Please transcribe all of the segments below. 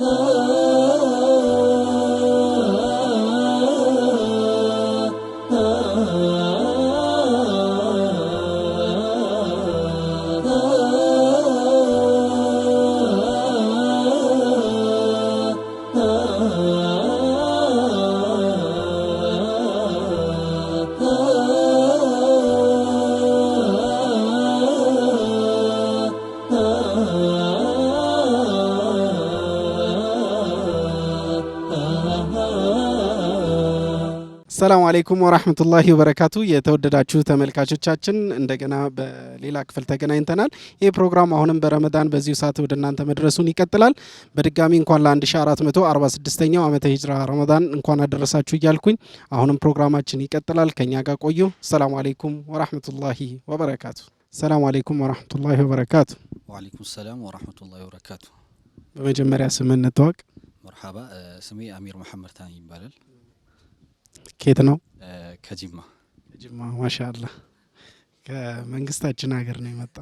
Oh. ሰላም አሌይኩም ወራህመቱላሂ ወበረካቱ። የተወደዳችሁ ተመልካቾቻችን እንደገና በሌላ ክፍል ተገናኝተናል። ይህ ፕሮግራም አሁንም በረመዳን በዚሁ ሰዓት ወደ እናንተ መድረሱን ይቀጥላል። በድጋሚ እንኳን ለ1446ኛው ዓመተ ሂጅራ ረመዳን እንኳን አደረሳችሁ እያልኩኝ አሁንም ፕሮግራማችን ይቀጥላል። ከኛ ጋር ቆዩ። ሰላም አሌይኩም ወራህመቱላሂ ወበረካቱ። ሰላም አሌይኩም ወራህመቱላሂ ወበረካቱ። ወአሌይኩም ሰላም ወራህመቱላሂ ወበረካቱ። በመጀመሪያ ስም እንታወቅ። መርሓባ ስሜ አሚር መሐመድ ታኒ ይባላል። ኬት ነው? ከጂማ ጂማ። ማሻላ ከመንግስታችን ሀገር ነው የመጣ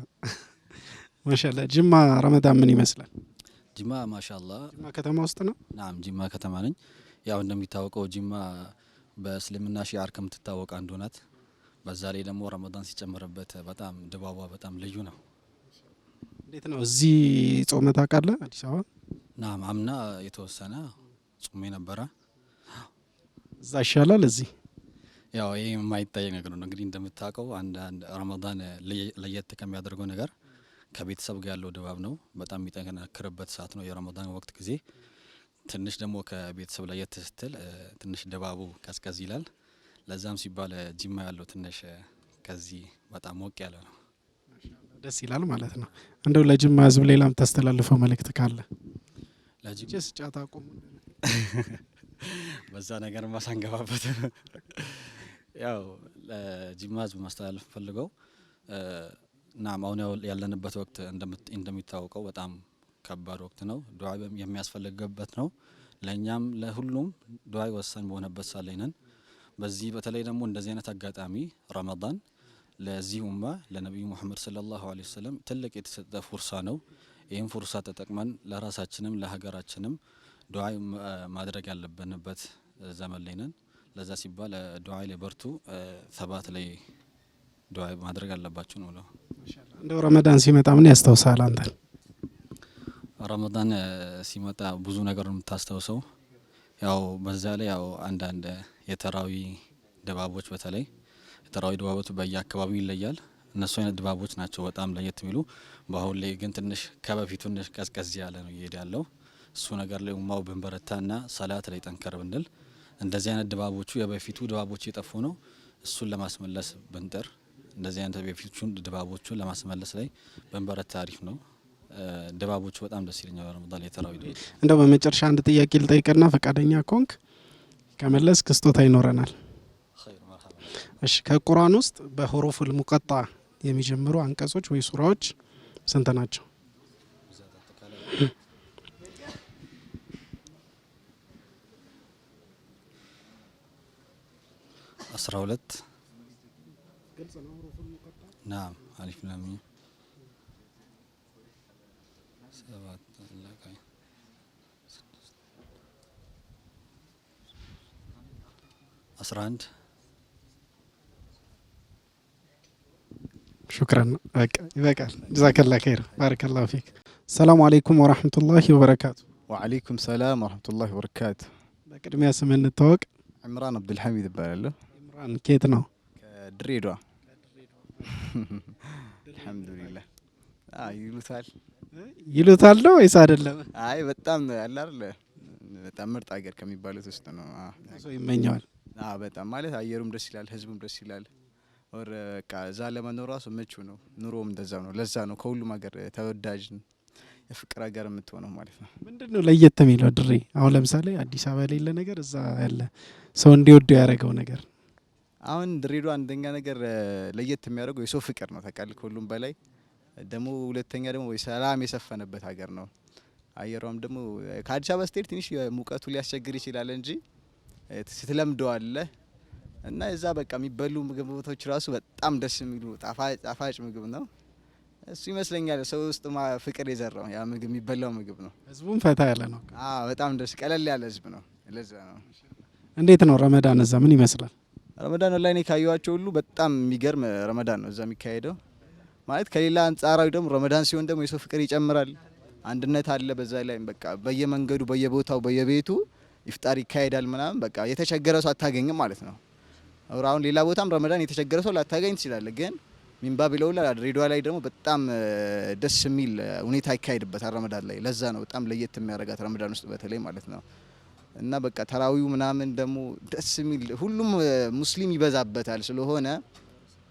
ማሻላ። ጅማ ረመዳን ምን ይመስላል? ጅማ ማሻላ። ጅማ ከተማ ውስጥ ነው? ናም ጅማ ከተማ ነኝ። ያው እንደሚታወቀው ጅማ በእስልምና ሺአር ከምትታወቅ አንዱ ናት። በዛ ላይ ደግሞ ረመዳን ሲጨምርበት በጣም ድባቧ በጣም ልዩ ነው። እንዴት ነው እዚህ ጾመ ታውቃለህ? አዲስ አበባ ናም አምና የተወሰነ ጾሜ ነበረ እዛ ይሻላል እዚህ ያው ይህ የማይታይ ነገር ነው። እንግዲህ እንደምታውቀው አንዳንድ ረመዳን ለየት ከሚያደርገው ነገር ከቤተሰብ ጋር ያለው ድባብ ነው። በጣም የሚጠነክርበት ሰዓት ነው የረመዳን ወቅት ጊዜ። ትንሽ ደግሞ ከቤተሰብ ለየት ስትል ትንሽ ድባቡ ቀዝቀዝ ይላል። ለዛም ሲባል ጅማ ያለው ትንሽ ከዚህ በጣም ወቅ ያለ ነው፣ ደስ ይላል ማለት ነው። እንደው ለጅማ ህዝብ ሌላ የምታስተላልፈው መልእክት ካለ? ጫት አቁሙ። በዛ ነገር ማሳንገባበት ያው ለጂማ ህዝብ ማስተላለፍ ፈልገው እናም አሁን ያለንበት ወቅት እንደሚታወቀው በጣም ከባድ ወቅት ነው። ዱዓ የሚያስፈልግበት ነው። ለእኛም ለሁሉም ዱዓ ወሳኝ በሆነበት ሳላይ ነን። በዚህ በተለይ ደግሞ እንደዚህ አይነት አጋጣሚ ረመዳን ለዚህ ኡማ ለነቢዩ ሙሐመድ ሰለላሁ ዐለይሂ ወሰለም ትልቅ የተሰጠ ፉርሳ ነው። ይህም ፉርሳ ተጠቅመን ለራሳችንም ለሀገራችንም ዱዓይ ማድረግ ያለብንበት ዘመን ላይ ነን። ለዛ ሲባል ዱዓይ ላይ በርቱ፣ ሰባት ላይ ዱዓይ ማድረግ አለባችሁ ነው ብለው። እንደው ረመዳን ሲመጣ ምን ያስታውሳል አንተን? ረመዳን ሲመጣ ብዙ ነገር የምታስታውሰው። ያው በዛ ላይ ያው አንዳንድ የተራዊ ድባቦች በተለይ የተራዊ ድባቦች በየአካባቢው ይለያል። እነሱ አይነት ድባቦች ናቸው በጣም ለየት የሚሉ። በአሁን ላይ ግን ትንሽ ከበፊቱ ትንሽ ቀዝቀዝ ያለ ነው እየሄድ ያለው እሱ ነገር ላይ ኡማው ብንበረታና ሰላት ላይ ጠንከር ብንል እንደዚህ አይነት ድባቦቹ የበፊቱ ድባቦች የጠፉ ነው። እሱን ለማስመለስ ብንጥር እንደዚህ አይነት የበፊቱን ድባቦቹን ለማስመለስ ላይ ብንበረታ አሪፍ ነው። ድባቦቹ በጣም ደስ ይለኛል። ረመዳን የተራዊ እንደው በመጨረሻ አንድ ጥያቄ ልጠይቅና ፈቃደኛ ኮንክ ከመለስ ክስቶታ ይኖረናል። እሺ ከቁርአን ውስጥ በሁሩፉል ሙቀጣ የሚጀምሩ አንቀጾች ወይ ሱራዎች ስንት ናቸው? عشرة ولد نعم ألف لامي سبعة أسراند شكرا بك جزاك الله خير بارك الله فيك السلام عليكم ورحمة الله وبركاته وعليكم السلام ورحمة الله وبركاته بكر ما سمعنا التوق عمران عبد الحميد بارله ኬት ነው? ከድሬዳዋ አልሐምዱሊላህ። ይሉታል ይሉታል ነው ወይስ አይደለም? አይ በጣም ያለ በጣም ምርጥ ሀገር ከሚባሉት ውስጥ ነው። ይመኘዋል። በጣም ማለት አየሩም ደስ ይላል፣ ህዝቡም ደስ ይላል። ወር በቃ እዛ ለመኖር ራሱ ምቹ ነው። ኑሮም እንደዛ ነው። ለዛ ነው ከሁሉም ሀገር ተወዳጅ የፍቅር ሀገር የምትሆነው ማለት ነው። ምንድን ነው ለየት የሚለው ድሬ? አሁን ለምሳሌ አዲስ አበባ ላይ የሌለ ነገር እዛ ያለ ሰው እንዲወደው ያደረገው ነገር አሁን ድሬዳዋ አንደኛ ነገር ለየት የሚያደርገው የሰው ፍቅር ነው ታውቃለህ፣ ከሁሉም በላይ ደግሞ ሁለተኛ ደግሞ ሰላም የሰፈነበት ሀገር ነው። አየሯም ደግሞ ከአዲስ አበባ ስትሄድ ትንሽ ሙቀቱ ሊያስቸግር ይችላል እንጂ ስትለምደዋለ እና እዛ በቃ የሚበሉ ቦታዎች ራሱ በጣም ደስ የሚሉ ጣፋጭ ምግብ ነው። እሱ ይመስለኛል ሰው ውስጥ ፍቅር የዘራው ያ ምግብ የሚበላው ምግብ ነው። ህዝቡም ፈታ ያለ ነው። በጣም ደስ ቀለል ያለ ህዝብ ነው። ለዛ ነው። እንዴት ነው ረመዳን እዛ ምን ይመስላል? ረመዳን ላይ እኔ ካየኋቸው ሁሉ በጣም የሚገርም ረመዳን ነው እዛ የሚካሄደው። ማለት ከሌላ አንጻራዊ ደግሞ ረመዳን ሲሆን ደግሞ የሰው ፍቅር ይጨምራል፣ አንድነት አለ። በዛ ላይ በቃ በየመንገዱ በየቦታው በየቤቱ ኢፍጣር ይካሄዳል ምናምን በቃ የተቸገረ ሰው አታገኝም ማለት ነው። አሁን ሌላ ቦታም ረመዳን የተቸገረ ሰው ላታገኝ ትችላለ፣ ግን ሚንባብ ይለውላ ድሬዳዋ ላይ ደግሞ በጣም ደስ የሚል ሁኔታ ይካሄድበታል ረመዳን ላይ። ለዛ ነው በጣም ለየት የሚያደርጋት ረመዳን ውስጥ በተለይ ማለት ነው። እና በቃ ተራዊው ምናምን ደግሞ ደስ የሚል ሁሉም ሙስሊም ይበዛበታል። ስለሆነ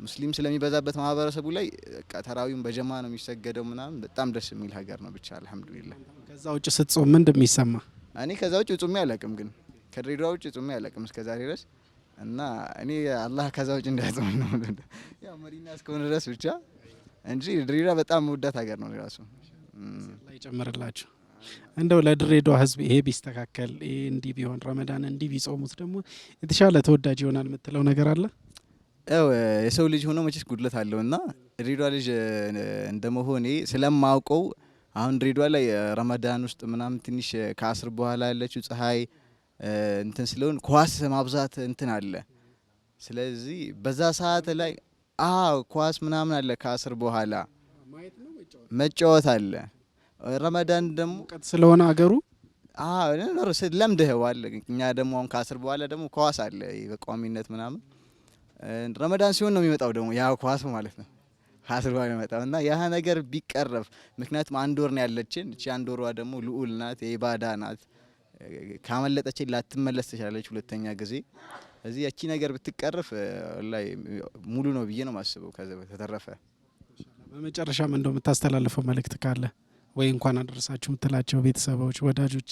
ሙስሊም ስለሚበዛበት ማህበረሰቡ ላይ በቃ ተራዊውን በጀማ ነው የሚሰገደው ምናምን በጣም ደስ የሚል ሀገር ነው። ብቻ አልሐምዱሊላ ከዛ ውጭ ስትጾም ምን እንደሚሰማ እኔ ከዛ ውጭ ጾሜ አላቅም፣ ግን ከድሬዳዋ ውጭ ጾሜ አላቅም እስከዛሬ ድረስ እና እኔ አላህ ከዛ ውጭ እንዳያጽም ነው ያው መዲና እስከሆነ ድረስ ብቻ እንጂ ድሬዳዋ በጣም መወዳት ሀገር ነው ራሱ ላይ ጨምርላችሁ እንደው ለድሬዳዋ ህዝብ ይሄ ቢስተካከል እንዲህ ቢሆን ረመዳን እንዲህ ቢጾሙት ደግሞ የተሻለ ተወዳጅ ይሆናል የምትለው ነገር አለ? ያው የሰው ልጅ ሆኖ መቼስ ጉድለት አለው እና ድሬዳዋ ልጅ እንደመሆኔ ስለማውቀው አሁን ድሬዳዋ ላይ ረመዳን ውስጥ ምናምን ትንሽ ከአስር በኋላ ያለችው ፀሐይ እንትን ስለሆን ኳስ ማብዛት እንትን አለ። ስለዚህ በዛ ሰዓት ላይ አ ኳስ ምናምን አለ ከአስር በኋላ መጫወት አለ። ረመዳን ደግሞ ሙቀት ስለሆነ አገሩ ለምደኸዋል። እኛ ደግሞ አሁን ከአስር በኋላ ደግሞ ኳስ አለ በቋሚነት ምናምን ረመዳን ሲሆን ነው የሚመጣው ደግሞ ያ ኳስ ማለት ነው። ከአስር በኋላ ይመጣው እና ያ ነገር ቢቀረፍ ምክንያቱም አንድ ወር ነው ያለችን እቺ አንድ ወሯ ደግሞ ልዑል ናት፣ የኢባዳ ናት። ካመለጠችን ላትመለስ ትችላለች ሁለተኛ ጊዜ እዚህ ያቺ ነገር ብትቀረፍ ላይ ሙሉ ነው ብዬ ነው የማስበው። ከዚ በተረፈ በመጨረሻም እንደው የምታስተላልፈው መልእክት ካለ ወይ እንኳን አደረሳችሁ የምትላቸው ቤተሰቦች፣ ወዳጆች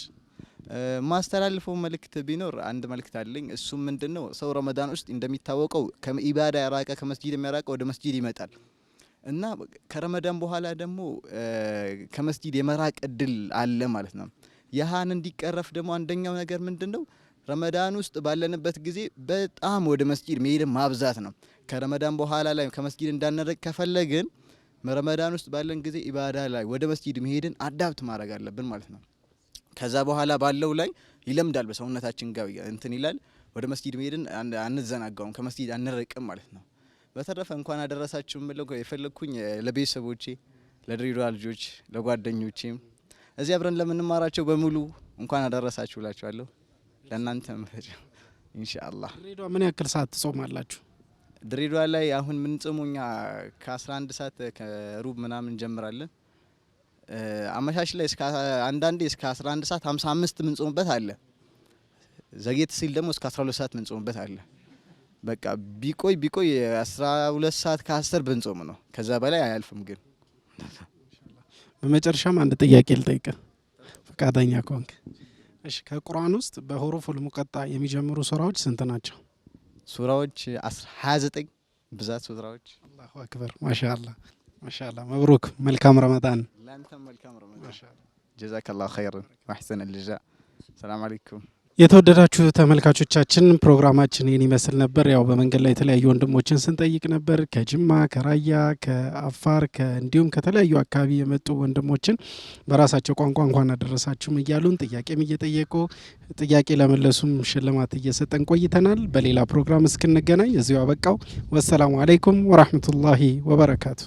ማስተላልፈው መልእክት ቢኖር አንድ መልእክት አለኝ። እሱም ምንድን ነው? ሰው ረመዳን ውስጥ እንደሚታወቀው ከኢባዳ ያራቀ ከመስጂድ የሚያራቀ ወደ መስጂድ ይመጣል እና ከረመዳን በኋላ ደግሞ ከመስጂድ የመራቅ እድል አለ ማለት ነው። ያህን እንዲቀረፍ ደግሞ አንደኛው ነገር ምንድን ነው? ረመዳን ውስጥ ባለንበት ጊዜ በጣም ወደ መስጂድ መሄድን ማብዛት ነው። ከረመዳን በኋላ ላይ ከመስጂድ እንዳንርቅ ከፈለግን ረመዳን ውስጥ ባለን ጊዜ ኢባዳ ላይ ወደ መስጂድ መሄድን አዳብት ማድረግ አለብን ማለት ነው። ከዛ በኋላ ባለው ላይ ይለምዳል፣ በሰውነታችን ጋር እንትን ይላል። ወደ መስጂድ መሄድን አንዘናጋውም፣ ከመስጂድ አንርቅም ማለት ነው። በተረፈ እንኳን አደረሳችሁ የምለው የፈለግኩኝ ለቤተሰቦቼ፣ ለድሬዳዋ ልጆች፣ ለጓደኞቼም እዚህ አብረን ለምንማራቸው በሙሉ እንኳን አደረሳችሁ እላችኋለሁ። ለእናንተ መፈጫ ኢንሻአላህ። ድሬዳዋ ምን ያክል ሰዓት ትጾማላችሁ? ድሬዳዋ ላይ አሁን ምንጽሙ እኛ ከ11 ሰዓት ከሩብ ምናምን እንጀምራለን። አመሻሽ ላይ እስከ አንዳንዴ እስከ 11 ሰዓት 55 ምንጽሙበት አለ። ዘጌት ሲል ደግሞ እስከ 12 ሰዓት ምንጽሙበት አለ። በቃ ቢቆይ ቢቆይ 12 ሰዓት ከ10 ብንጾም ነው። ከዛ በላይ አያልፍም። ግን በመጨረሻም አንድ ጥያቄ ልጠይቅ ፈቃደኛ ከሆንክ እሺ። ከቁርአን ውስጥ በሁሩፉል ሙቀጣ የሚጀምሩ ሱራዎች ስንት ናቸው? ሱራዎች 29 ብዛት ሱራዎች። አላሁ አክበር ማሻአላ ማሻአላ። መብሩክ መልካም ረመዳን ለአንተም መልካም ረመዳን። ጀዛከላሁ ኸይርን ወአሕሰነ ልጃ። ሰላም አለይኩም የተወደዳችሁ ተመልካቾቻችን ፕሮግራማችን ይህን ይመስል ነበር። ያው በመንገድ ላይ የተለያዩ ወንድሞችን ስንጠይቅ ነበር። ከጅማ፣ ከራያ፣ ከአፋር እንዲሁም ከተለያዩ አካባቢ የመጡ ወንድሞችን በራሳቸው ቋንቋ እንኳን አደረሳችሁም እያሉን ጥያቄም እየጠየቁ ጥያቄ ለመለሱም ሽልማት እየሰጠን ቆይተናል። በሌላ ፕሮግራም እስክንገናኝ እዚሁ አበቃው። ወሰላሙ አለይኩም ወራህመቱላሂ ወበረካቱ።